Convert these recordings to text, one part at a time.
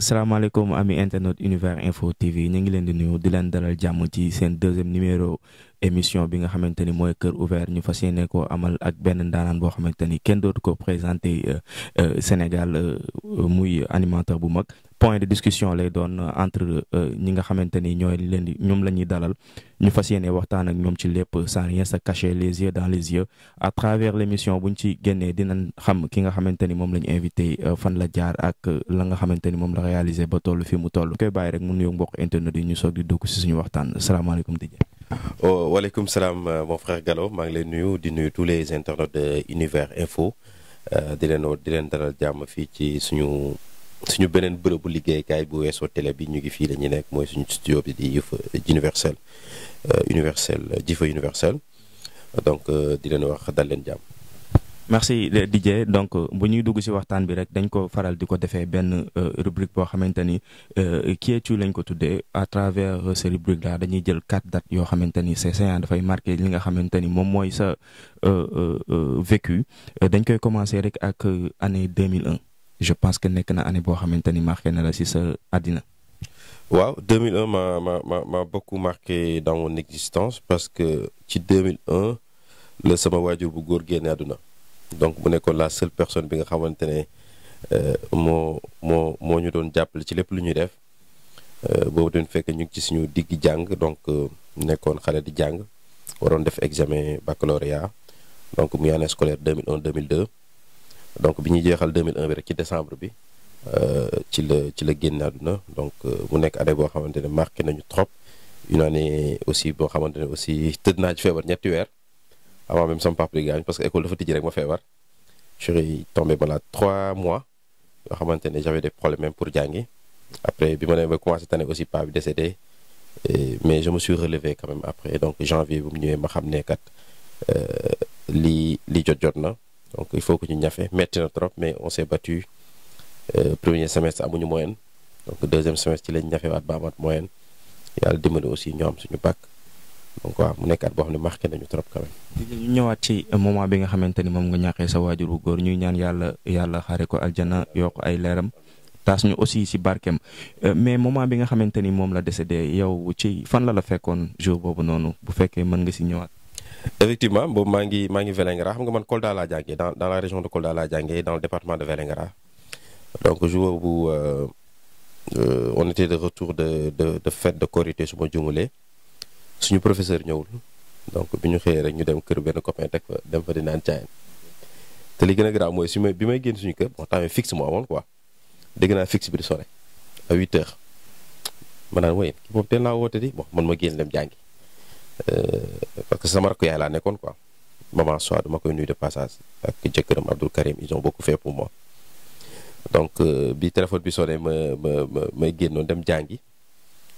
salaamaaleykum ami internet univers info tv ñu ngi leen di nuyu di leen dalal jàmm ci seen deuxième numéro émission bi nga xamante ni mooy kër Ouvert ñu fa yéene koo amal ak benn ndaanaan boo xamante ni kenn dootu ko présenter euh, euh, Sénégal euh, muy animateur bu mag point de discussion lay doon euh, entre euh, ñi nga xamante ni ñooy leen di ñoom la ñuy dalal ñu fas yéene waxtaan ak ñoom ci lépp sans rien se cacher les yeux dans les yeux à travers l' bu ñu ci génnee dinañ xam ki nga xamante ni moom la ñu invité euh, fan la jaar ak la nga xamante ni moom la réalisé ba toll fi mu toll koy bàyyi rek mu nuyu mbokk internet yi ñu soog di dugg si suñu waxtaan salaamaaleykum Didier oh salaam mon frère Gallo maa ngi leen nuyu di nuyu tous les internautes de Univers Info di leen di leen dalal jàmm fii ci suñu suñu beneen bërëbu liggéeykaay bu weesoo télé bi ñu ngi fii la ñu nekk mooy suñu studio bi di Jufa Universel euh, Universel Jufa Universel donc euh, di leen wax dal leen jàmm. merci DJ donc euh, bu ñuy dugg ci waxtaan bi rek dañ ko faral di ko defee benn rubrique boo xamante ni Kiétu lañ ko tuddee à travers ces rubriques là dañuy jël quatre dates yoo xamante ni ces séances dafay marqué li nga xamante ni moom mooy sa vécu dañ koy commencer rek ak année 2001. je pense que nekk na année boo xamante ni marqué na la si sa àddina. waaw 2001 m'a m'a m'a beaucoup marqué dans mon existence parce que ci 2001 la sama waajur bu góor génne àdduna donc mu nekkoon la seule personne bi nga xamante ne euh, moo moo moo ñu doon jàppale ci lépp lu ñuy def euh, boobu doon fekk ñu ngi ci suñu digg jàng donc euh, nekkoon xale di jàng waroon def examen baccalauréat donc muy année scolaire mille 2002. donc bi ñuy jeexal 2001 bi rek ci décembre bi euh, ci la ci la génn àdduna donc euh, mu nekk année boo xamante ne marqué nañu trop une année aussi boo xamante ne aussi tëdd naa ci feebar ñetti weer avant même sama papa di gaañ parce que école dafa tijji rek ma feebar je suis tombé trois mois yoo xamante ne j'avais des même pour jàngi après bi ma demee ba commencé tane aussi paa bi décédé mais je me suis relevé quand même après donc janvier bu mu ñëwee ma xam ne kat euh, lii lii jot jot na. donc il faut que ñu ñafe metti na trop mais on s'est battu euh, premier semestre amuñu moyenne donc deuxième semestre ci lañ ñafewaat ba amaat moyenne yàlla dimbali aussi ñoo suñu bac donc waaw mu nekk boo xam ne marqué nañu trop quand même. ci moment bi nga xamante ni moom nga ñàkkee sa waajuru góor ñuy ñaan yàlla yàlla xaare ko aljana yokk ay leeram taas ñu aussi si barkeem euh, mais moment bi nga xamante ni moom la décédé yow ci fan la la fekkoon jour boobu noonu bu fekkee mën nga si ñëwaat. effectivement boobu maa ngi maa ngi Vélingara xam nga man Kolda laa jàngee dans dans la région de Kolda laa jàngee dans le département de Vélingara donc jour bu euh, euh, on était de retour de de de fête de Korité su ma jumulee suñu professeur ñëwul donc bi ñu xëyee rek ñu dem kër benn copain teg fa dem fa di naan caayan te li gën a grave mooy su ma bi may génn suñu kër bon temps fixe moo amoon quoi dégg naa fixe bi di sore à huit heures ma naan woy kii boobu teel naa woote di génn dem Euh, parce que sama rakk yaay laa nekkoon quoi maman soit dama koy nuyu de passage ak jëkkëram Abdou Karim ils ont beaucoup fait pour moi donc euh, bi téléphone bi sonné ma ma ma may génnoon dem jàngi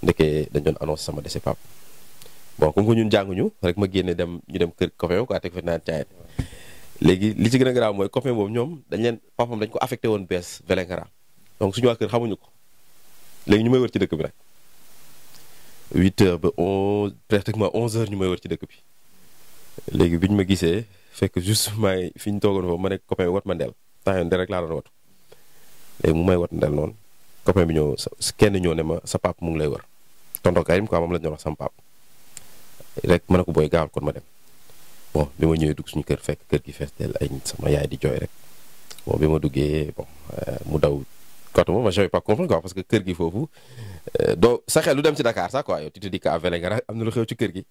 ndeke dañ doon annonce sama décès pap bon comme ko ñun jànguñu rek ma génne dem ñu dem kër copain quoi teg fa naan caayet léegi li ci gën a garaaw mooy copain boobu ñoom dañ leen papam dañ ko affecté woon bees Vélingara donc suñu waa kër xamuñu ko léegi ñu may wër ci dëkk bi rek huit heures ba onze pratiquement onze heures ñu may war ci dëkk bi léegi bi ñu ma gisee fekk juste may fi ñu toogoon foofu ma ne copain bi wat ma ndel temps yoon de rek laa doon watu léegi mu may wat ndel noonu copain bi ñëw kenn ñëw ne ma sa pap mu ngi lay wër tonton Karim quoi moom la ñu wax sama pap rek ma ne ko booy gaawal kon ma dem bon bi ma ñëwee dugg suñu kër fekk kër gi fees dell ay sama yaay di jooy rek bon bi ma duggee bon euh, mu daw côté boobu j'avais pas compris quoi parce que kër gi foofu euh, doo sa xel lu dem si Dakar sax quoi yow tu te dis que am na lu xew ci kër gi.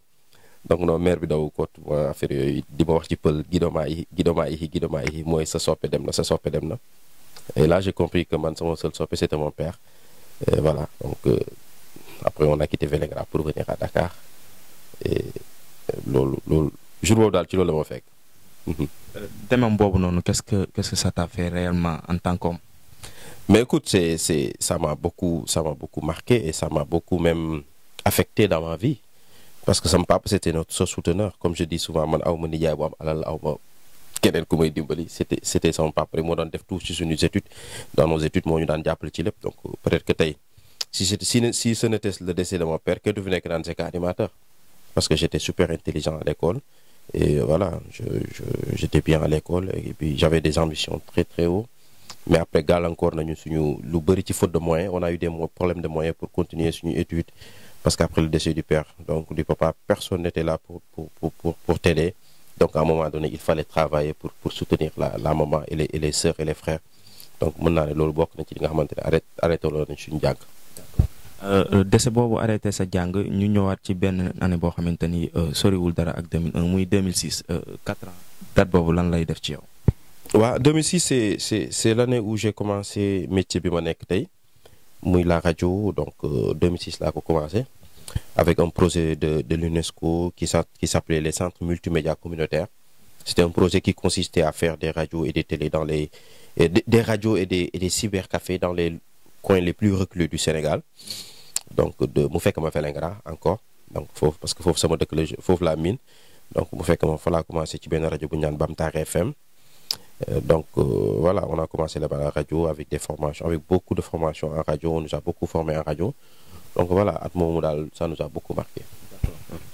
donc non maire bi daw ko affaire di ma wax ci pël gidomaa yi gidomaa yi gidomaa yi mooy sa soppe dem na sa soppe dem na. et là j'ai compris que man sama seul soppe c'était mon père et voilà donc euh, après on a quitté Vélingara pour venir à Dakar et euh, loolu jour boobu daal ci loolu la ma fekk. demam boobu noonu quest que qu'est-ce que ça t'a fait réellement en tant qu'homme Mais écoute, c'est, c'est, ça m'a beaucoup, ça m'a beaucoup marqué et ça m'a beaucoup même affecté dans ma vie. Parce que sama papa c'était notre seul souteneur. Comme je dis souvent, man aw ma nijaay bu am alal aw ma keneen ku may dimbali c'était c'était sama papa rek moo daan def tout ci suñu études dans nos études moo jàppale ci lépp donc peut-être que tey si c'était si si mon père que du fi nekk daan nekk parce que j'étais super à l'école et voilà je j'étais bien à l'école et puis j'avais des ambitions très très mais après gàllankoor nañu suñu lu bëri ci faute de moyens on a eu des problèmes de moyens pour continuer suñu étude parce qu'après le décès du père donc du papa personne n'était là pour pour pour pour, pour t'aider donc à un moment donné il fallait travailler pour soutenir la maman et les et les sœurs et donc mën naa ne loolu bokk nañ ci li nga xamante ne arrêté arrêté loolu nañ suñu jàng. dese euh, euh, boobu arrêté sa jàng ñu ñëwaat ci benn année boo xamante ni euh, soriwul dara ak 2001 muy 2006 4 ans date boobu lan lay def ci yow. waaw 2006 c'est c'est c'est l'année où j'ai commencé métier bi ma nekk tey muy la rajo donc 2006 euh, laa ko commencé avec un projet de de l'UNESCO qui s qui s'appelait les centres multimédia communautaires c'était un projet qui consistait à faire des radios et des télés dans les des, des radios et des et des cybercafés dans les coins les plus reculés du Sénégal donc de mu fekk ma Vélingara encore donc foofu parce que foofu sama dëkk la foofu laa miin donc mu fekk ma fala laa commencé ci benn rajo bu ñu naan Bamtar Euh, donc wala euh, on a commencé là-bas la radio avec des formations avec beaucoup de formations en radio on beaucoup formé en radio donc voilà at moomu daal ça nous a beaucoup marqué.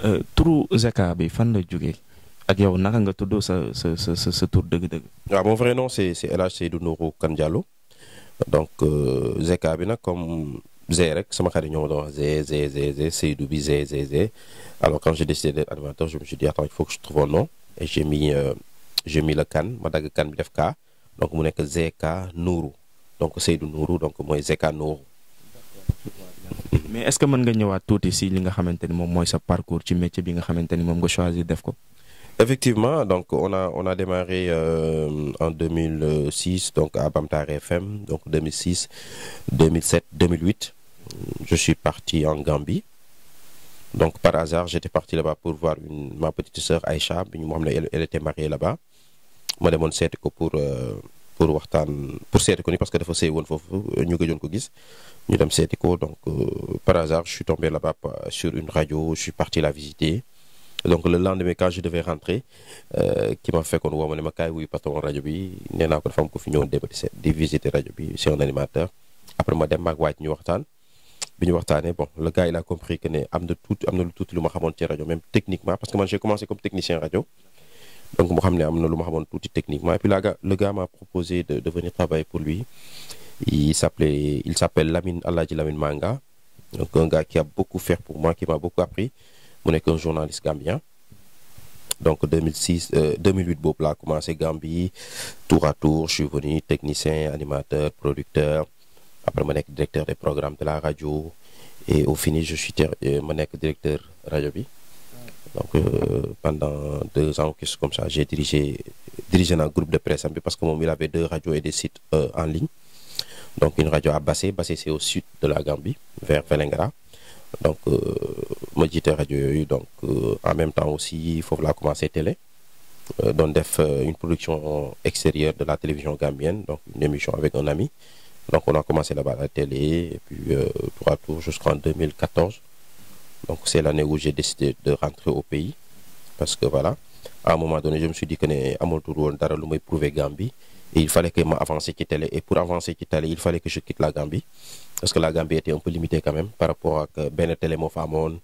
Euh, turu Zeka bi fan la jógee ak yow naka nga tudd sa sa sa sa tur dëgg vrai nom c'est c'est El Hadj Seydou Nourou donc Zeka bi nag comme. Zé sama xarit ñoo ma doon wax Zé Zé bi Zé alors quand j'ai décidé d'être animateur je me suis il faut je trouve un j'ai mis le kan ma dagg kan bi def ka donc mu nekk ZK Nourou donc Seydou Nourou donc mooy ZK Nourou. mais est-ce que mën nga ñëwaat tuuti si li nga xamante ni moom mooy sa parcours ci métier bi nga xamante ni moom nga choisir def ko. effectivement donc on a on a démarré euh, en 2006 donc à Bamtar FM donc 2006 2007 2008 je suis parti en Gambie donc par hasard te parti là-bas pour voir une ma petite sœur Aïcha bi ñu moo xam ne elle était mariée là ma demoon seeti ko pour euh, pour waxtaan pour seeti ko ni parce que dafa sëy woon foofu ñu gëjoon ko gis ñu dem seeti ko donc euh, par hasard je suis tombé là-bas euh, sur une radio je suis parti la visiter donc le lendemain quand je devais rentrer ki ma fekkoon woo ne ma kaay wuy patron rajo bi nee ko dafa am fi ñëwoon dem di visiter rajo bi c'est animateur après ma dem maag waaj ñu waxtaan bi ñu waxtaanee bon le gars il a compris que ne am na lu tuuti donc moo xam ne am na lu ma xamoon tuuti techniquement et puis là le gars m'a proposé de, de venir travailler pour lui il s'appelle Lamine Aladji Lamine Manga donc un gars qui a beaucoup fait pour moi qui m'a beaucoup appris mu nekk un journaliste gambien donc 2006 euh, 2008 boobu laa commencé Gambie tour à tour je technicien animateur producteur après ma nekk directeur des programmes de la radio et au fini je suis euh, ma nekk directeur rajo bi. donc euh, pendant deux ans comme ça j'ai dirigé dirigé un groupe de presse bi parce que moom il avait deux radios et des sites euh, en ligne donc une radio à Bassé Bassé c'est au sud de la Gambie vers Vélingara donc euh, ma jiite rajo yooyu donc euh, en même temps aussi foofu laa commencé télé doon def une production extérieure de la télévision gambienne donc une émission avec un ami donc on a commencé là-bas la télé et puis trois tours jusqu'en 2014 Donc c'est l'année où j'ai décidé de rentrer au pays parce que voilà, un moment donné, je me suis dit que amatul woon dara lu may prouver Gambie et il fallait que ma avancé ci télé et pour avancer ci télé il fallait que je quitte la Gambie parce que la Gambie était un peu limitée quand même par rapport ak benn télé moo fa amoon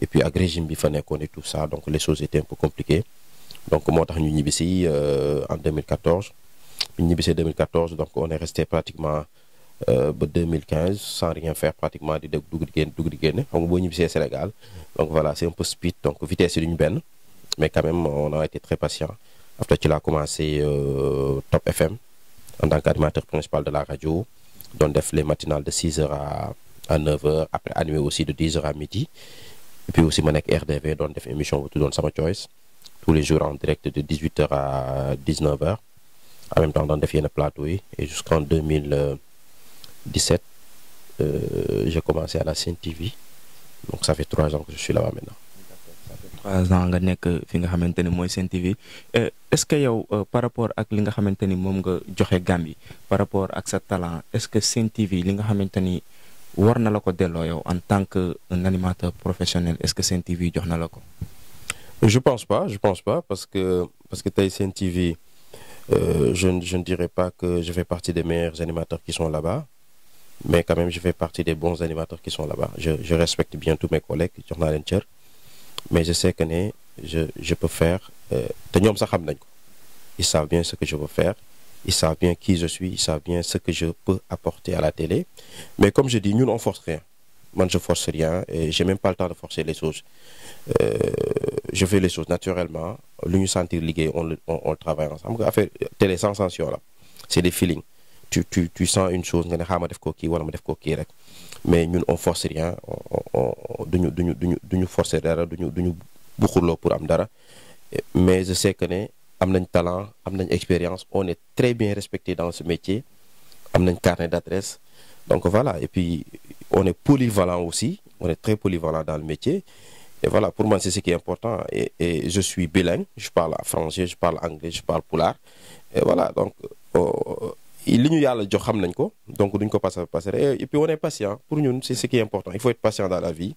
et puis ak régime bi fa nekkoon et tout ça donc les choses étaient un peu compliquées donc moo tax ñu ñibbisi euh, en 2014 ñu ñibbisee donc on est Euh, ba 2015 sans rien faire pratiquement di dégg dugg di génn dugg di génne xam nga boo ñibbisee Sénégal donc voilà c'est un peu speed donc vitesse yi duñu benn mais quand même on a été très patient après ci la commencé euh, Top FM en tant qu'animateur principal de la radio doon def les matinales de 6 heures à à heures après animé aussi de 10 heures à midi et puis aussi ma nekk RDV doon def émission bu tuddoon sama choice tous les jours en direct de 18 heures à 19 heures doon def yenn plateau yi et jusqu'en 2000 17, euh, j'ai commencé à la Sen TV. Donc ça fait trois ans que je suis là-bas trois ans nga nekk fi nga xamante ni mooy Sen TV euh, est-ce que yow euh, par rapport ak li nga xamante ni moom nga joxe Gambie par rapport ak sa talent est-ce que Sen TV li nga xamante ni war na la ko delloo yow en tant que un animateur professionnel est-ce que Sen TV jox na la ko. je pense pas je pense pas parce que parce que tey Sen TV euh, je je ne dirais pas que je fais partie des meilleurs mais quand même je fais partie des bons animateurs qui sont là-bas je respecte bien tous mes collègues jox naa mais je sais que ne je je peux faire euh, te ñoom sax xam nañ ko ils savent bien ce que je veux faire ils savent bien qui je suis ils savent bien ce que je peux apporter à la télé mais comme je dis ñun on force rien man je force rien et j'ai même pas le temps de forcer les choses euh, je fais les choses naturellement lu ñu sentir liggéey on le on, on travaille ensemble affaire télé sans sanction là c'est des tu tu tu sens une chose nga ne xaaral def ko kii wala ma def ko kii rek mais ñun on force rien on on duñu duñu duñu duñu forcer dara duñu duñu buxurloo pour am dara mais je sais que ne am nañ talent am nañ expérience on est très bien respecté dans ce métier am nañ carnet d'adresse donc voilà et puis on est polyvalent aussi on est très polyvalent dans le métier et voilà pour moi c'est ce qui est important et, je suis bilingue je parle français je parle anglais je parle pulaar et voilà euh, li ñu yàlla jox xam nañ ko donc duñ ko passé passé et puis on est patient pour ñun c'est ce qui est important il faut être patient dans la vie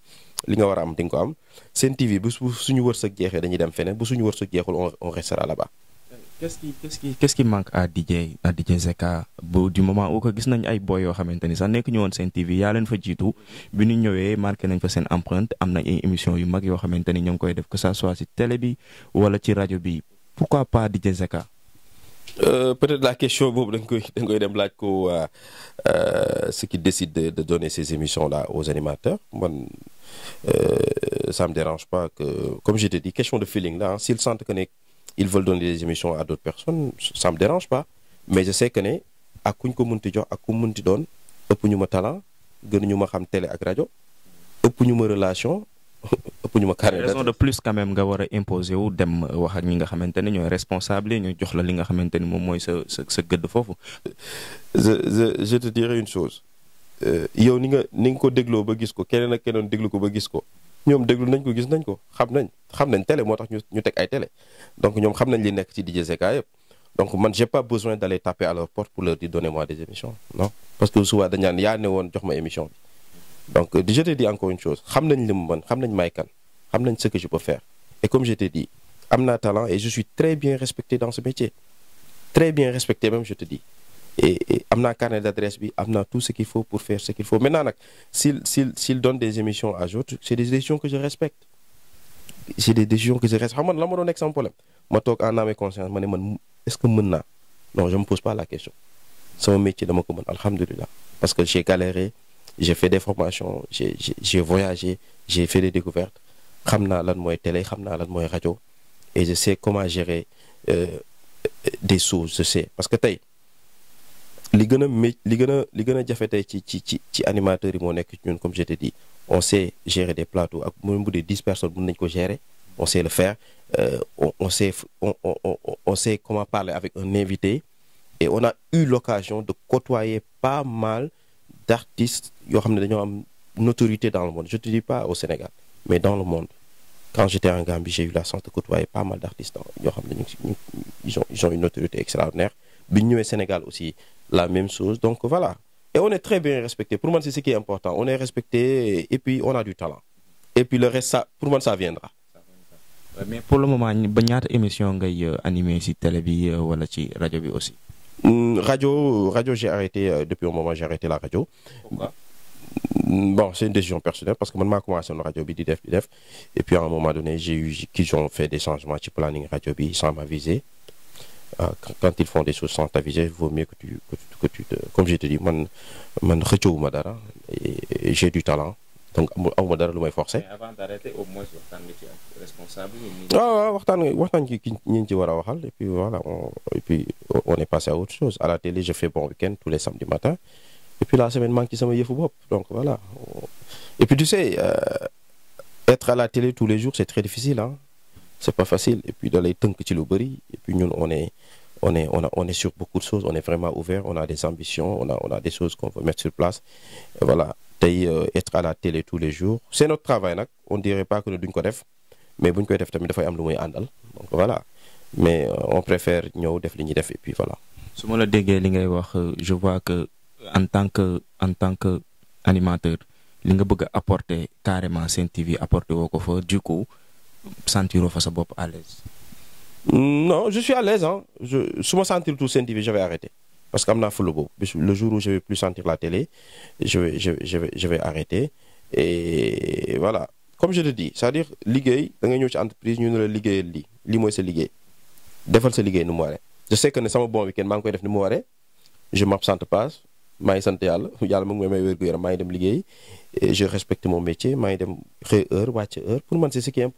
li nga war a am di nga ko am seen TV bu suñu wërsëg jeexee dañuy dem feneen bu suñu wërsëg jeexul on on restera là-bas. qu'est-ce qui que gis nañ ay boy yoo xamante ni sax nekk woon seen TV leen fa jiitu bi ñu ñëwee nañ fa seen empreinte am nañ ay yu mag yoo xamante ni ñoo ngi koy def que ça soit ci télé bi wala ci rajo bi pourquoi pas DJ Zeka. Euh, peut-être la question boobu dañ koy dañ koy dem laaj ko euh, euh, ceux qui décident de, de donner ces émissions la aux animateurs man euh, ça me dérange pas que comme je t'ai dit question de feeling là s'ils sentent que ne ils veulent donner des émissions à d'autres personnes ça me dérange pas mais je sais que ne ak kuñ ko mënti jox ak ku mënti doon ëpp ñu ma talent gënuñu ma xam télé ak rajo ëpp ñu ma relation ëpp ñu ma carnet raison de plus quand même nga war a imposer dem euh, wax nga xamante ne ñooy responsable yi ñu jox la li nga xamante ni moom mooy sa sa sa gëdd foofu. je je je te dirai une chose euh, yow ni nga ni nga ko dégloo ba gis ko keneen ak keneen déglu ko ba gis ko ñoom déglu nañ ko gis nañ ko xam nañ xam nañ télé moo tax ñu ñu teg ay télé donc ñoom xam nañ li nekk ci DJ Zeka yëpp. donc man j'ai pas besoin d'aller taper à leur porte pour leur dire donnez-moi des émissions woon jox ma bi. donc euh, je te dis encore une chose xam nañ li mu mën xam nañ may kan xam nañ ce que je peux faire et comme je te dis am naa talent et je suis très bien respecté dans ce métier très bien respecté même je te dis et am naa carnet d'adresse bi am naa tout ce qu'il faut pour faire ce qu'il faut maintenant nag s'il s'il s'il donne des émissions à d'autres c'est des décisions que je respecte c'est des décisions que je respecte xam man la ma doon nekk sans problème ma toog en âme et conscience man est-ce que mën naa non je me pose pas la dama ko mën alhamdulilah parce que j'ai j'ai fait des formations j'ai j'ai voyagé j'ai fait des découvertes xam naa lan mooy télé xam naa lan mooy rajo et je sais comment gérer euh, des choses je sais parce que tey li gën a mé li gën a li gën a jafe tey ci ci ci ci animateurs yi moo nekk ñun comme je t'ai dit on sait gérer des plateaux ak même bu dee dix personnes mën nañ ko gérer on sait le faire euh, on on sait on sait comment parler avec un invité et on a eu l'occasion de côtoyer pas mal d'artistes yoo xam ne dañoo am notoriété dans le monde je te dis pas au Sénégal mais dans le monde quand j'étais en Gambie j'ai eu la chance de côtoyer pas mal d'artistes yoo xam ne ñu ngi ils ont ils ont une notoriété extraordinaire bi ñu ñëwee Sénégal aussi la même chose donc voilà et on est très bien respecté pour man c'est ce qui est important on est respecté et puis on a du talent et puis le reste ça pour man ça viendra. mais pour le moment ba ñaata émission ngay euh, animer ci télé bi euh, wala ci rajo bi aussi. Mm, radio radio j'ai arrêté euh, depuis un moment j'ai arrêté la radio. Pourquoi? Mm, bon c'est une décision personnelle parce que man a commencé woon rajo bi di def di def et puis à un moment donné j'ai eu qu'ils ont fait des changements ci planning rajo bi sans m'aviser euh, quand ils font des choses sans t'aviser vaut mieux que tu que tu te comme je te dis man man xëccewuma dara et j'ai du talent. donc amu ma dara lu may forcé. mais avant d'arrêter waxtaan nga ci ak responsable yi. Ah, waaw waaw waxtaan ci ki ci war a waxal et puis voilà on et puis on est passé à autre chose à la télé je fais bon week tous les samedis matin et puis la semaine maa ngi ci sama yëfu bopp donc voilà et puis tu sais euh, être à la télé tous les jours c'est très difficile c'est pas facile et puis da lay tënk ci lu bëri et puis ñun on est on est on a sur beaucoup de choses on est vraiment ouvert on a des ambitions on a on a des choses qu'on mettre sur place voilà. tey euh, être à la télé tous les jours c'est notre travail nag on dirait pas que ne duñ ko def mais buñ koy def tamit dafay am lu muy àndal voilà mais euh, on préfère ñëw def li ñuy def et puis voilà. su ma la déggee li ngay wax euh, je vois que en tant que en tant que animateur li nga bëgg a apporter carrément Sen TV apporter woo ko fa du coup sentiroo fa sa bopp à l'aise non je suis à l'aise ah ma sentir tout Sen TV j'avais arrêté. parce que am na fula boobu le jour où je vais plus sentir la télé je vais je je vais arrêter et voilà comme je le dis c'est-à-dire liggéey da ñëw ci entreprise ñu ne la liggéeyal li li mooy sa liggéey defal sa liggéey nu mu waree je sais que ne sama bon week-end maa ngi koy def ni mu waree je m'absente pas maa ngi sant yàlla yàlla mu ngi may wér gu yaram maa ngi dem liggéey et je respecte mon métier maa ngi dem xëy heure wàcc heure pour man c'est ce qui est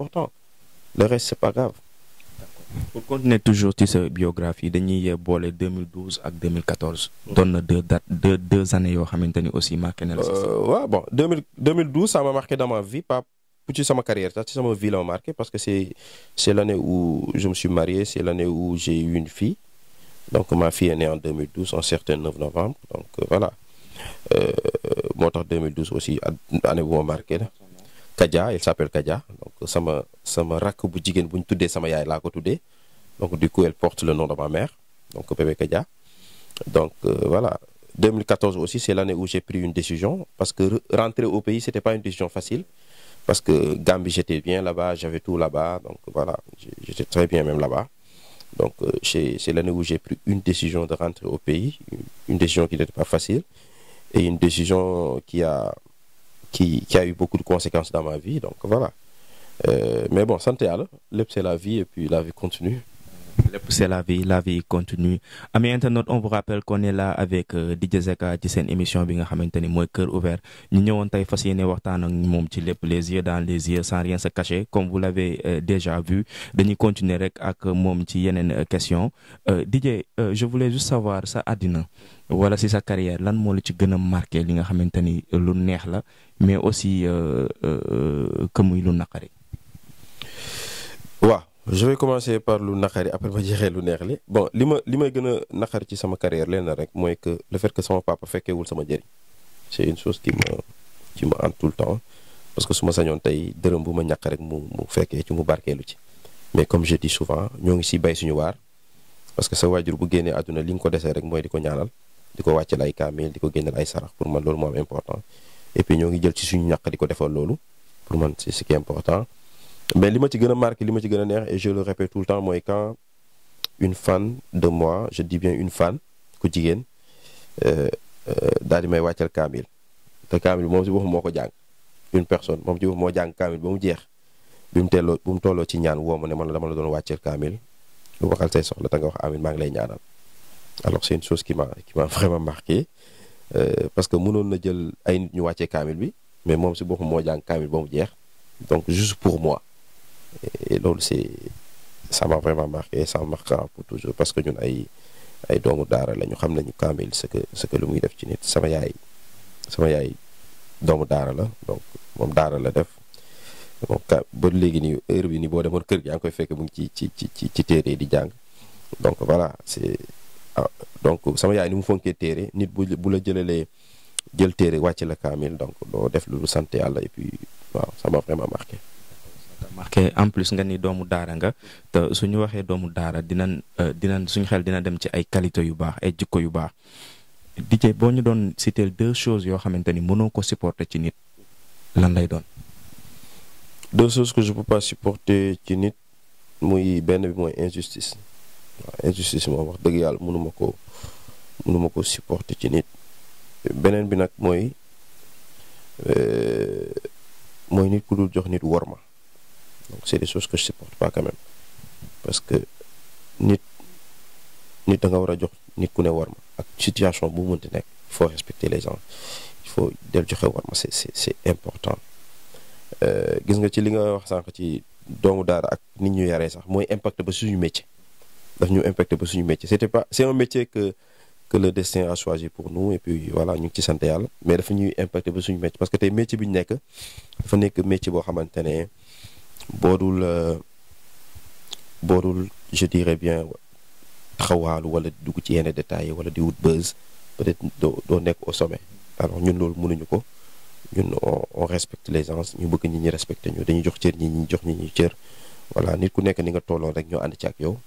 pour continuer toujours ci sa biographie dañuy boole 2012 ak 2014. doon na deux dates deux deux années yoo xamante ni aussi marqué na la. waaw euh, bon 2000 2012 ça m'a marqué dans ma vie pas ci sama carrière sax ci sama vie la ma marqué parce que c'est c'est l'année où je me suis marié c'est l'année où j'ai eu une fille donc ma fille est née en 2012 en certain 9 novembre donc euh, voilà euh, moo tax 2012 aussi année bu ma marqué la. Kaja il s'appelle Kaja donc sama sama rakk bu jigéen bu ñu tuddee sama yaay laa ko tuddee donc du coup elle porte le nom de ma mère donc bébé Kaja donc euh, voilà 2014 aussi c'est l'année où j'ai pris une décision parce que rentrer au pays c'était pas une décision facile parce que Gambie j'étais bien là-bas j'avais tout là ba donc voilà j'étais très bien même là-bas donc euh, c'est l'année où j'ai pris une décision de rentrer au pays une décision qui n'était pas facile et une qui, qui a eu beaucoup de conséquences dans ma vie donc voilà euh, mais bon sant yàlla lépp c'est la vie et puis la vie continue lépp c'est la vie la vie continue ami internet on vous rappelle qu'on est là avec euh, DJ ci seen émission bi nga xamante ni mooy cœur ouvert ñu ñëwoon tey fas yéene waxtaan ak moom ci lépp les yeux dans les yeux sans rien se cacher comme vous l'avez euh, déjà vu dañuy continuer rek ak moom ci yeneen euh, question DJ je voulais juste savoir sa àddina wala si sa carrière lan moo la ci gën a marqué li nga xamante ni lu neex la mais aussi euh, euh, que muy lu naqari. waaw je vais commencer par lu naqari après ba jeexee lu neex li bon li ma li may gën a naqari ci sama carrière leen rek mooy que le fait que sama papa fekkeewul sama njëriñ c'est une chose qui me qui me hante tout le temps parce que su ma sañoon tey dërëm bu ma ñàkk rek mu mu fekkee ci mu barkeelu ci mais comme je dis souvent ñoo ngi siy bay suñu waar parce que sa waajur bu génnee àdduna li nga ko desee rek mooy di ko ñaanal di ko wàccal ay kaamil di ko génneel ay sarax pour man loolu moo important et ñoo ngi jël ci suñu ñàkk di ko defal loolu pour man c'est ce qui important mais li ma ci gën a marqué li ma ci gën a neex et je le répète tout le temps mooy quand une fan de mois je dis bien une fan ku jigéen euh, euh, daal di may wàccal kaamil te kaamil moom si boppam moo ko jàng une personne moom ci boppam moo jàng kaamil ba mu jeex bi mu telloo bi mu tolloo ci ñaan woo ma ne man la dama la doon wàcceel kaamil lu waxal say soxla te nga wax amin maa ngi lay ñaanal alors c'est une chose qui m'a qui m'a vraiment Euh, parce que mënoon na jël ay nit ñu wàccee kaamil bi mais moom si boppam moo jàng kaamil ba mu jeex donc juste pour moi et loolu c'est ça m'a vraiment marqué sama marquera pour toujours parce que ñun ay ay doomu daara la ñu xam nañu kaamil ce que lu muy def ci nit sama yaay sama yaay doomu daara la donc moom daara la def moom ka ba léegi nii heure bi nii boo demoon kër gi yaa ngi koy fekk mu ngi ci ci ci ci téere di jàng donc voilà c'est donc sama yaay ni mu fonkee téere nit bu bu la jëlalee jël téere wàcc la kaamil donc doo def lu sant yàlla et puis waaw ça m'a vraiment marqué. marqué en plus nga ni doomu daara nga te su ñu waxee doomu daara dina euh, dinañ suñu xel dina dem ci ay qualité yu baax ay jikko yu baax DJ boo ñu doon citer deux choses yoo xamante ni mënoo ko supporter ci nit lan lay doon. deux ci nit muy benn bi mooy injustice. waaw injustice moom wax dëgg yàlla mënuma ko mënuma ko supporter ci nit beneen bi nag mooy euh, mooy nit ku dul jox nit worma ma c'est des choses que je supporte pas quand même parce que nit nit da nga war a jox nit ku ne ma ak situation bu mënti nekk foo faut respecter les gens del joxe worma ma c'est c'est important euh, gis nga ci li nga wax sànq ci doomu daara ak nit ñu yaree sax mooy impacte ba suñu métier daf ñu impacté ba suñu métier c'était pas c'est un métier que le destin a choisi pour nous et puis voilà ñu ngi ci sant yàlla mais dafa ñuy impacté ba suñu métier parce que tey métier bi ñu nekk dafa nekk métier boo xamante ne boo dul euh, boo dul je dirais bien taxawaalu wala dugg ci yenn détails wala di wut buzz peut-être doo doo nekk au sommet alors ñun loolu mënuñu ko ñun on respecte les gens ñu bëgg nit ñu respecté ñu dañu jox cër ñi ñi jox ñi ñu cër voilà nit ku nekk ni nga tolloon rek ñoo ànd ci ak yow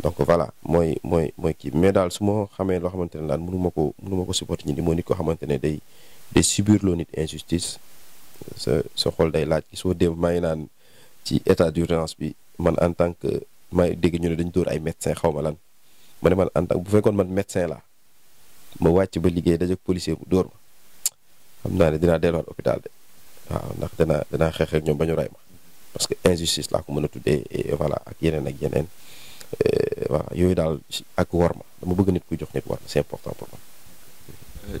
donc voilà mooy mooy mooy kii mais daal su moo xamee loo xamante ne daal mënu ko mënu ma ko supporter ñi di moo nit ko xamante ne day day subir loo nit injustice sa sa xol day laaj ki soo dem maa ngi naan ci état d'urgence bi man en tant que may dégg ñu ne dañu dóor ay médecin xaw ma lan ma ne man en tant bu fekkoon man médecin la ma wàcc ba liggéey daje policier bu dóor ma xam naa ne dina delluwaat hôpital de waaw ndax danaa danaa xeex ñoom ba ñu ray ma parce que injustice laa ko mën a tuddee voilà ak yeneen ak yeneen euh, waaw yooyu daal ak war ma dama bëgg nit kuy jox nit war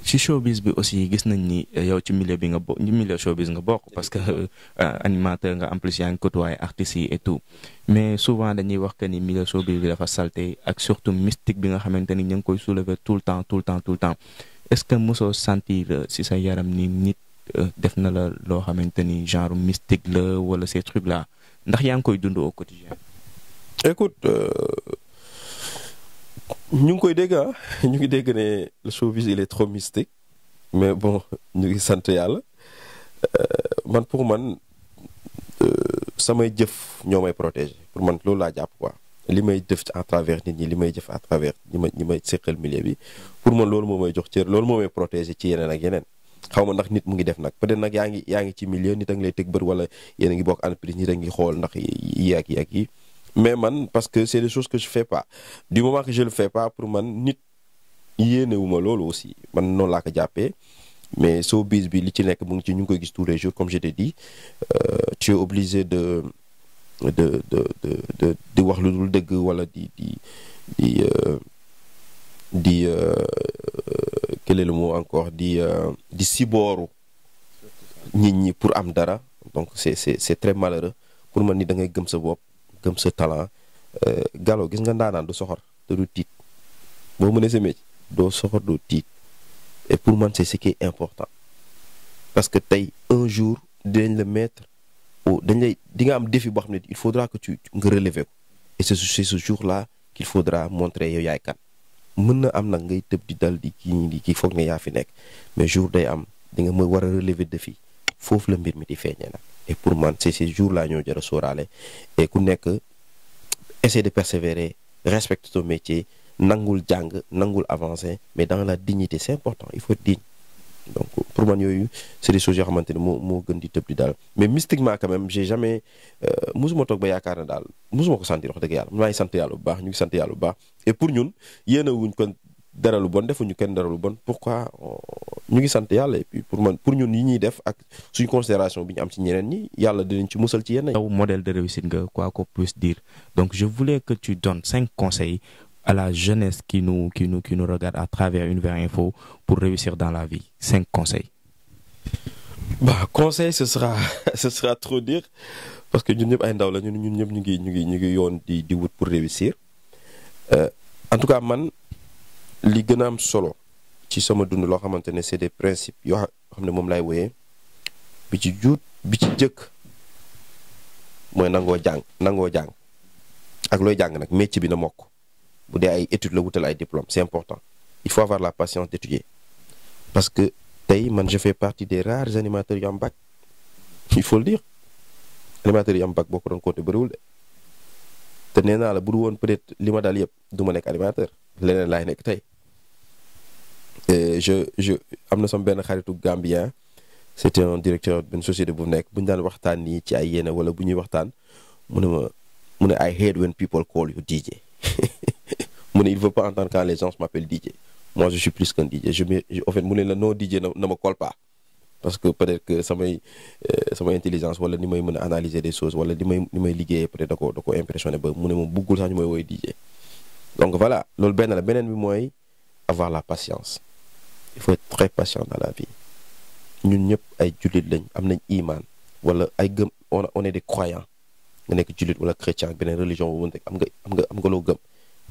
ci showbiz bi aussi gis nañ ni eh, yow ci milieu bi nga bokk ci milieu nga bokk parce que euh, animateur nga en plus yaa ngi côtoyé artistes yi et tout mais souvent dañuy wax que ni milieu showbiz bi dafa salté ak surtout mystique bi nga xamante ni ñu ngi koy soulever tout le temps tout le temps tout le temps est-ce sentir euh, si sa yaram ni nit euh, def na la loo xamante ni genre mystique la wala ces trucs là ndax yaa ngi koy dund au quotidien ñu ngi koy dégg ah. ñu ngi dégg ne le showbiz il trop mystique mais bon ñu ngi sant yàlla euh, man pour man euh, samay jëf ñoo may protéger pour man loolu laa jàpp quoi li may jëf à travers nit ñi li may jëf à travers ñi ma ñi may séqal milieu bi pour man loolu moo may jox cër loolu moo protégé ci yeneen ak yeneen xaw ma ndax nit mu ngi def nag peut-être nag yaa ngi yaa ngi ci milieu nit a ngi lay tëg bër wala yéen a ngi bokk entreprise nit a ngi xool ndax yi ak yi ak yi mais man parce que c'est des choses que je fais pas du moment que je le fais pas pour man nit yéenewuma loolu aussi man noonu laa ko jàppee mais showbiz bi li ci nekk mu ngi ci ñu ngi koy gis tous les jours comme je t'ai dit euh, tu es obligé de de de de di wax lu dul dëgg wala di di di euh, di euh, quel est le mot encore di di sibooru nit ñi pour am dara donc c'est c'est c'est très malheureux pour man ni da ngay gëm sa bopp gëm sa talent euh, Gallo gis nga ndaanaan du soxor te du tiit boo mënee sa métier doo soxor doo tiit et pour man c'est ce qui important parce que tey un jour dinañ la mettre o dañ lay di nga am defi boo xam ne il faudra que tu nga relever ko et c'est ce jour là qu'il faudra montrer yow yaay kan mën na am nag ngay tëb di dal di kii di kii foog ne yaa fi nekk mais jour day am di nga mën war a relever défi foofu la mbir mi di feeñee nag. et pour man c'est ces jours là ñoo jar a sóoraale et ku nekk essayer de persévérer respecte ton métier nangul jàng nangul avancer mais dans la dignité c'est important il faut être digne donc pour man yooyu c'est des choses yoo xamante ne moo moo gën di tëb di daal mais mystiquement quand même j'ai jamais euh, musuma toog ba yaakaar na daal musuma ko sentir wax dëgg yàlla maa ngi sant yàlla bu baax ñu ngi sant yàlla bu baax et pour ñun yéen wuñ dara lu bon ñu kenn dara lu bon pourquoi ñu ngi sant yàlla pour man pour ñun yi ñuy def ak suñu considération bi ñu am ci ñeneen ñi yàlla dinañ ci musal ci yenn yow modèle de réussite nga quoi qu'on puisse dire donc je voulais que tu donnes cinq conseils à la jeunesse qui nous qui nous qui nous regarde à travers Univers Info pour réussir dans la vie cinq conseils. bah conseil ce sera ce sera trop dire parce que ñun ñëpp ay ndaw la ñun ñun ñëpp ñu ngi ñu ngi ñu ngi yoon di di wut pour réussir euh, en tout cas li gën a am solo ci sama dund loo xamante ne c'est des principes yoo xam ne moom laay woyee bi ci juut bi ci jëkk mooy nangoo jàng nangoo jàng ak looy jàng nag métier bi na mokk bu dee ay études la wutal ay diplômes c'est important il faut avoir la patience d'étudier parce que tey man je fais partie des rares animateurs yu am bac il faut le dire animateurs yu am bac boo ko doon compter bëriwul de te nee naa la bu du woon peut-être li ma daal yëpp du ma nekk animateur leneen laay nekk tey et je am na sama benn xaritu Gambien c'était un directeur benn société bu nekk bu daan waxtaan nii ci ay yéene wala bu ñuy waxtaan mu ne ma mu ne I hate when people call you DJ mu ne il veut pas entendre que les gens mu ne la non DJ na na ma call pas parce que peut-être que euh, samay intelligence wala ni may mën a analyser des choses wala ni may ni may liggéeyee peut-être da ko da ko impressionné ba mu ne ma buggul sax ñu may woy DJ donc voilà loolu benn la beneen bi mooy avoir la patience. il faut être très patient dans la vie ñun ñëpp ay jullit lañ am nañ imaan wala ay gëm on on est des croyants nga nekk jullit wala chrétien beneen religion boobu nag am nga am nga am nga loo gëm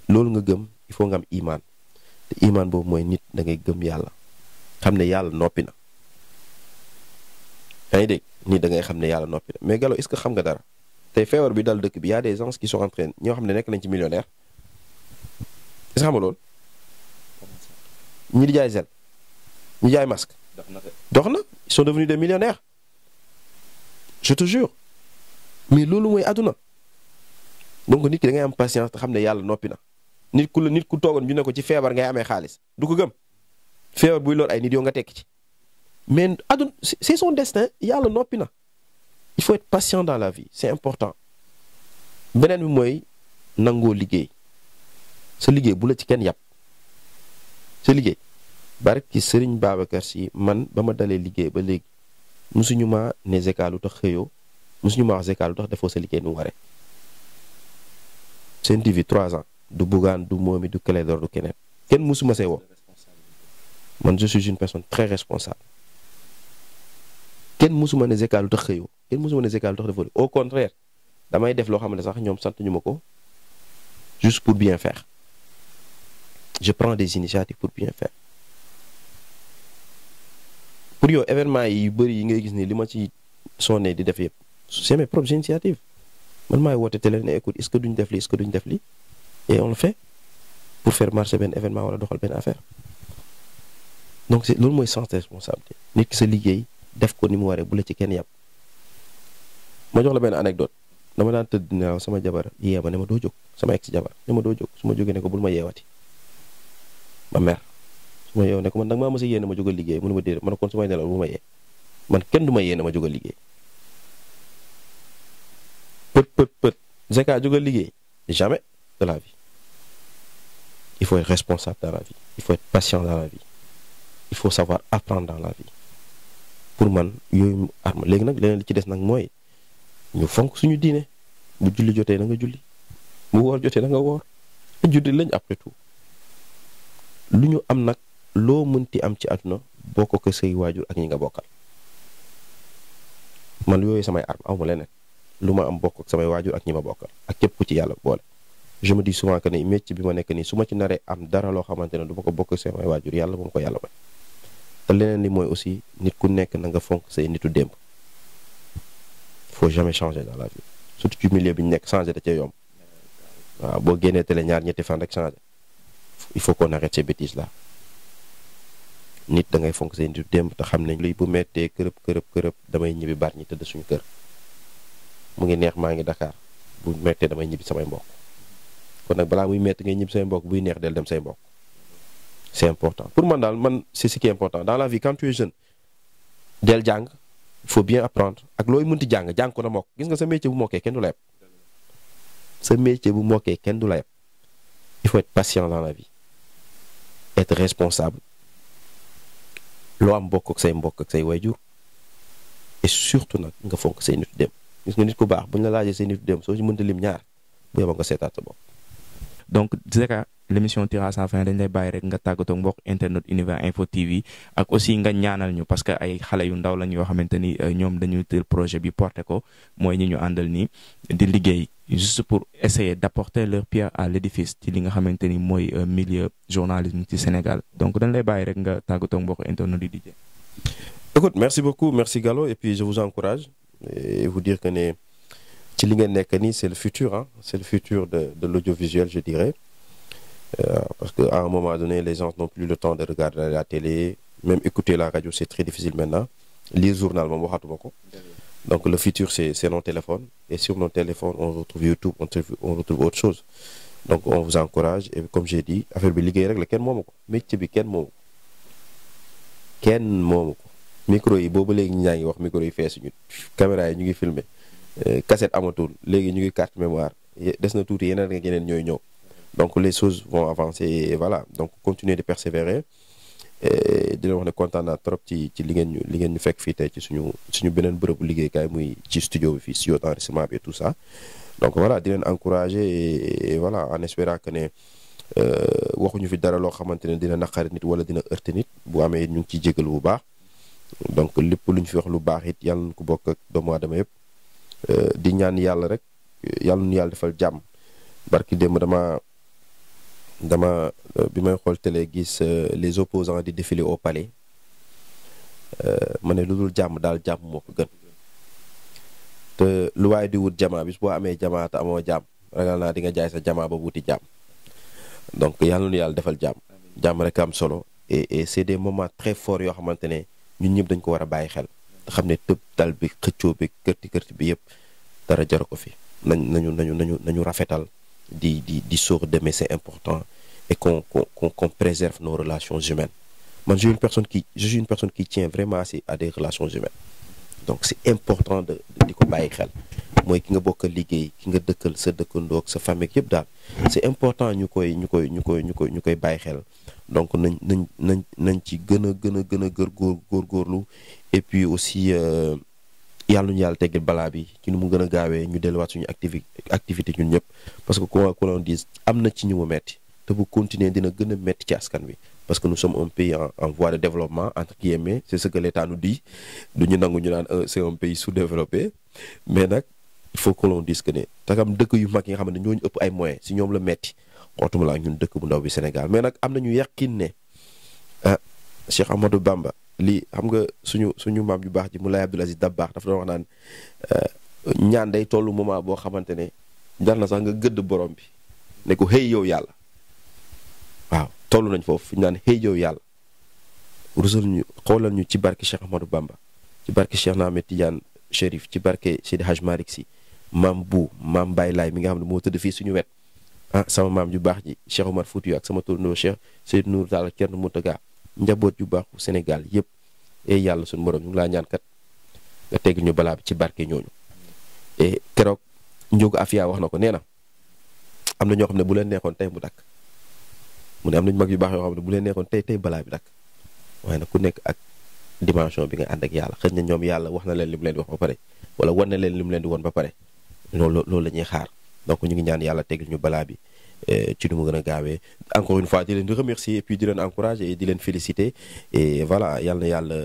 loolu nga gëm il faut nga am imaan te imaan boobu mooy nit da ngay gëm yàlla xam ne yàlla noppi na yaa ngi dégg nit xam ne yàlla noppi mais Gallo est-ce xam nga dara tey feebar bi dal dëkk bi y a des gens qui sont en ñoo xam ne nekk nañ ci millionnaire est-ce que xam zel ñu jaay masque dox na ils sont devenus des millionnaires je te jure mais loolu mooy àdduna donc nit ki da ngay am patience te xam ne yàlla noppi na nit ku la nit ku toogoon ñu ne ko ci feebar nga amee xaalis du ko gëm feebar buy lool ay nit yoo nga tekki ci mais àdduna c'est son destin yàlla noppi na il faut être patient dans la vie c'est important beneen bi mooy nangoo liggéey sa liggéey bu la ci kenn yàpp sa liggéey barki sëriñ Babacar si man ba ma dalee liggéey ba léegi mosuñu maa ne Zeka lu tax xëyoo mosuñu maa wax Zeka defoo sa liggéey nu ware Sen TV trois ans du Bougane du Momy du Clédor du keneen kenn mosuma se woo man je suis une personne très responsable kenn mosuma ne Zeka lu tax xëyoo kenn mosuma ne Zeka lu tax defoo au contraire damay def loo xam ne sax ñoom sant ñu ma ko juste pour bien faire je prends des initiatives pour bien faire pour yow événement yi yu bëri yi ngay gis ni li ma ci sonné di def yëpp c'est mes propres initiatives man maay woote télé ne écoute est-ce que duñ def li est def li et on le fait pour faire marcher benn événement wala doxal benn affaire donc c'est loolu mooy sens de responsabilité nit ki sa liggéey def ko ni mu waree bu la ci kenn yàpp ma jox la benn anecdote dama daan tëdd nelaw sama jabar yee ma ne ma doo jog sama ex jabar ne ma doo jog su ma jógee ne ko bul ma yeewati mooy yow ne ko man nag maa mos a yéene ma jóg a liggéey mënu ma déedéet man kon su may nelaw bu ma yee man kenn duma ma yéene ma jóg a liggéey pët pët pët zeka jóg a liggéey jamais de la vie il faut être responsable dans la vie il faut être patient dans la vie il faut savoir apprendre dans la vie pour man yooyu arme léegi nag leneen li ci des nag mooy ñu fonk suñu diine bu julli jotee na nga julli bu woor jotee na nga woor julli lañ après tout lu ñu am nag loo mënti am ci àdduna boo ko say waajur ak ñi nga bokkal man yooyu samay arme aw ma leneen lu ma am bokk ak samay waajur ak ñi ma bokkal ak képp ku ci yàlla boole. je me dis souvent bi ma nekk nii su ma ci naree am dara loo xamante ne du ma ko bokk samay waajur yàlla moom ko yàlla may te leneen li mooy aussi nit ku nekk na nga fonk say nitu démb faut jamais changer dans la vie surtout ci bi ñu nekk changer da cee yomb waaw boo génnee tele ñaar ñetti fa rek changer il faut qu'on arrête ces nit da ngay fonk seen di démb te xam ne luy bu mettee kërëb kërëb kërëb damay ñibbi baat ñi tëdd suñu kër mu ngi neex maa ngi dakaar bu mettee damay ñibbi samay mbokk kon nag balaa muy metti ngay ñibbi say mbokk buy neex del dem say mbokk c'est important pour man daal man c'est ce qui important dans la vie quand tu del jàng il faut bien apprendre ak looy mënti jàng jàng ko na mokk gis nga sa métier bu mokkee kenn du la yeb bu mokkee kenn du la yeb il faut être patient dans la loo am bokk ak say mbokk ak say wayjur et surtout nag nga fonk say nitu dem gis nga nit ku baax buñ la laajee say nitu dem soo ci mënta lim ñaar bu yeboo nga seetaat sa bopp donc Zeka l'émission tire fin dañ lay bàyyi rek nga tàggatoo mbokk internet univers info TV ak aussi nga ñaanal ñu parce que ay xale yu ndaw lañ yoo xamante ni euh, ñoom dañuy tël projet bi porté ko mooy ñi ñu àndal nii di liggéey juste pour essayer d'apporter leur pierre à l'édifice ci li nga xamante ni mooy euh, milieu journalisme ci Sénégal donc dañ lay bàyyi rek nga tàggatoo mbokk internet yi di écoute merci beaucoup merci Gallo et puis je vous encourage que ne ci li ngeen nekk nii c'est le futur ah c'est le futur de de l'audiovisuel je dirais euh, parce que à un moment donné les gens n'ont plus le temps de regarder la télé même écouter la radio c'est très difficile maintenant lire journal moom waxatuma ko donc le futur c'est c'est nos et sur nos téléphones on retrouve YouTube on retrouve, on retrouve autre chose donc on vous encourage et comme j'ai dit affaire bi liggéey rek la kenn moomu ko métier bi kenn moomu ko micro yi boobu léegi ñaa ngi wax micro yi feesuñu caméra yi ñu ngi filmer Euh, cassette amatul léegi ñu ngi carte mémoire des na tuuti yeneen ak yeneen ñooy ñëw donc les choses vont avancer et voilà donc continuer de persévérer di leen wax ne kontaan naa trop ci ci li ngeen ñu li ngeen ñu fekk fii tey ci suñu suñu beneen bërëbu liggéeykaay muy ci studio bi fii studio d'enregistrement bi et tout ça donc voilà di leen encourager et voilà en espérant que ne euh, waxuñu fi dara loo xamante ne dina naqari nit wala dina heurter nit bu amee ñu ngi ciy jégalu bu baax donc lépp lu fi wax lu baax it yàlla na ko bokk ak doomu aadama yëpp. Euh, di ñaan yàlla rek yàlla nu yàlla defal jàmm barki démb dama dama euh, bi may xool tele gis euh, les opposants di défiler au palais ma ne lu dul jàmm daal jàmm moo ko gën te lu waaye di wut jamaa bis boo amee jamaa te amoo jàmm ragal di nga jaay sa jamaa ba wuti jàmm donc yàlla nu yàlla defal jàmm jàmm rek am solo et et c'est de moments très forts yoo xamante ne ñun ñëpp dañ ko war a bàyyi xel xam ne tëb dal bi xëccoo bi kërti kërti bi yëpp dara jaru ko fi nañ nañu nañu nañu nañu rafetal di di di sóor demee c'est important et qu'on kon qu'on préserve nos relations humaines man je une personne qui je une personne qui tient vraiment assez à des relations humaines donc c'est important de di ko bàyyi xel mooy ki nga bokkal liggéey ki nga dëkkal sa dëkkandoog sa famille yëpp daal c'est important ñu koy ñu koy ñu koy ñu koy ñu koy bàyyi xel donc nañ nañ nañ nañ ci gën a gën a gën a gër góor góorgóorlu et puis aussi euh, yàlla ñu yàlla teggil balaa bi ci nu mu gën a gaawee ñu delluwaat suñu activi activité ñun ñëpp parce que quoi qu'on dise am na ci ñu mu metti te bu continuer dina gën a metti ci askan wi parce que nu sommes un pays en, en voie de développement entre guillemets c'est ce que l'État ñu nangu ñu naan euh, c'est un développé mais nag il faut que l'on dise que ne takam dëkk yu mag yi nga xam ne ñooñu ëpp ay moyens si ñoom la metti xootuma la ñun dëkk bu ndaw bi Sénégal mais nag am nañu yàqin ne ah Cheikh Amadou Bamba lii xam nga suñu suñu maam ju baax ji mu Moulay Abdoul Aziz Dabakh dafa doon wax naan ah, ñaan day tollu moment boo xamante ne jar na sax nga gëdd borom bi ne ko xëy yow yàlla waaw tollu nañ foofu ñu naan xëy yow yàlla rusal ñu xoolal ñu ci barke Cheikh Amadou Bamba ci barke Cheikh Ahmed Tidiane Chérif ci barke Seydi Hadj Malick maam bu maam Baye Laay mi nga xam ne moo tëdd fii suñu wet ah sama maam ju baax ji Cheikh Omar Foutiyou ak sama turandoo Cheikh Seydou Nour Tall nu Thierno Moutaga njaboot yu baaxu Sénégal yëpp eh, yàlla suñu borom ñu ngi laa ñaankat kat nga tegg ñu balaa bi ci barke ñooñu eh, keroog Ndiogu Afia wax na ko nee na am na ñoo xam ne bu leen neexoon tey dakk mu ne am nañu mag yu baax yoo xam ne bu leen neexoon tey tey balaa bi dakk waaye nag ku nekk ak dimension bi nga ànd ak yàlla xëy na ñoom yàlla wax na leen li mu leen di wax ba pare wala wan na leen li leen di woon ba pare loolu loolu la ñuy xaar donc ñu ngi ñaan yàlla tegil ñu balaa bi eh, ci nu mu gën a gaawee encore une fois di leen di remercier et puis di leen encourager et di leen féliciter et voilà yàlla na yàlla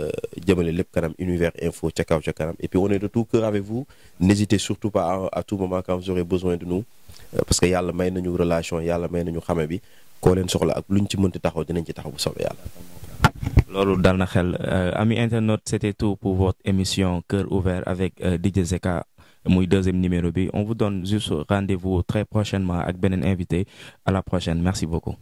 jëmale lépp kanam univers info ca kaw ca kanam et puis on est de tout cœur avec vous n'hésitez surtout pas à, tout moment quand vous besoin de euh, parce que yàlla may nañu relation yàlla may nañu xame bi koo leen soxla ak luñ ci mënti taxaw dinañ ci taxaw bu soobee yàlla. loolu dal na xel euh, ami internaute c'était tout pour votre émission muy deuxième numéro bi on vous donne juste rendez-vous très prochainement ak beneen invité à la prochaine merci beaucoup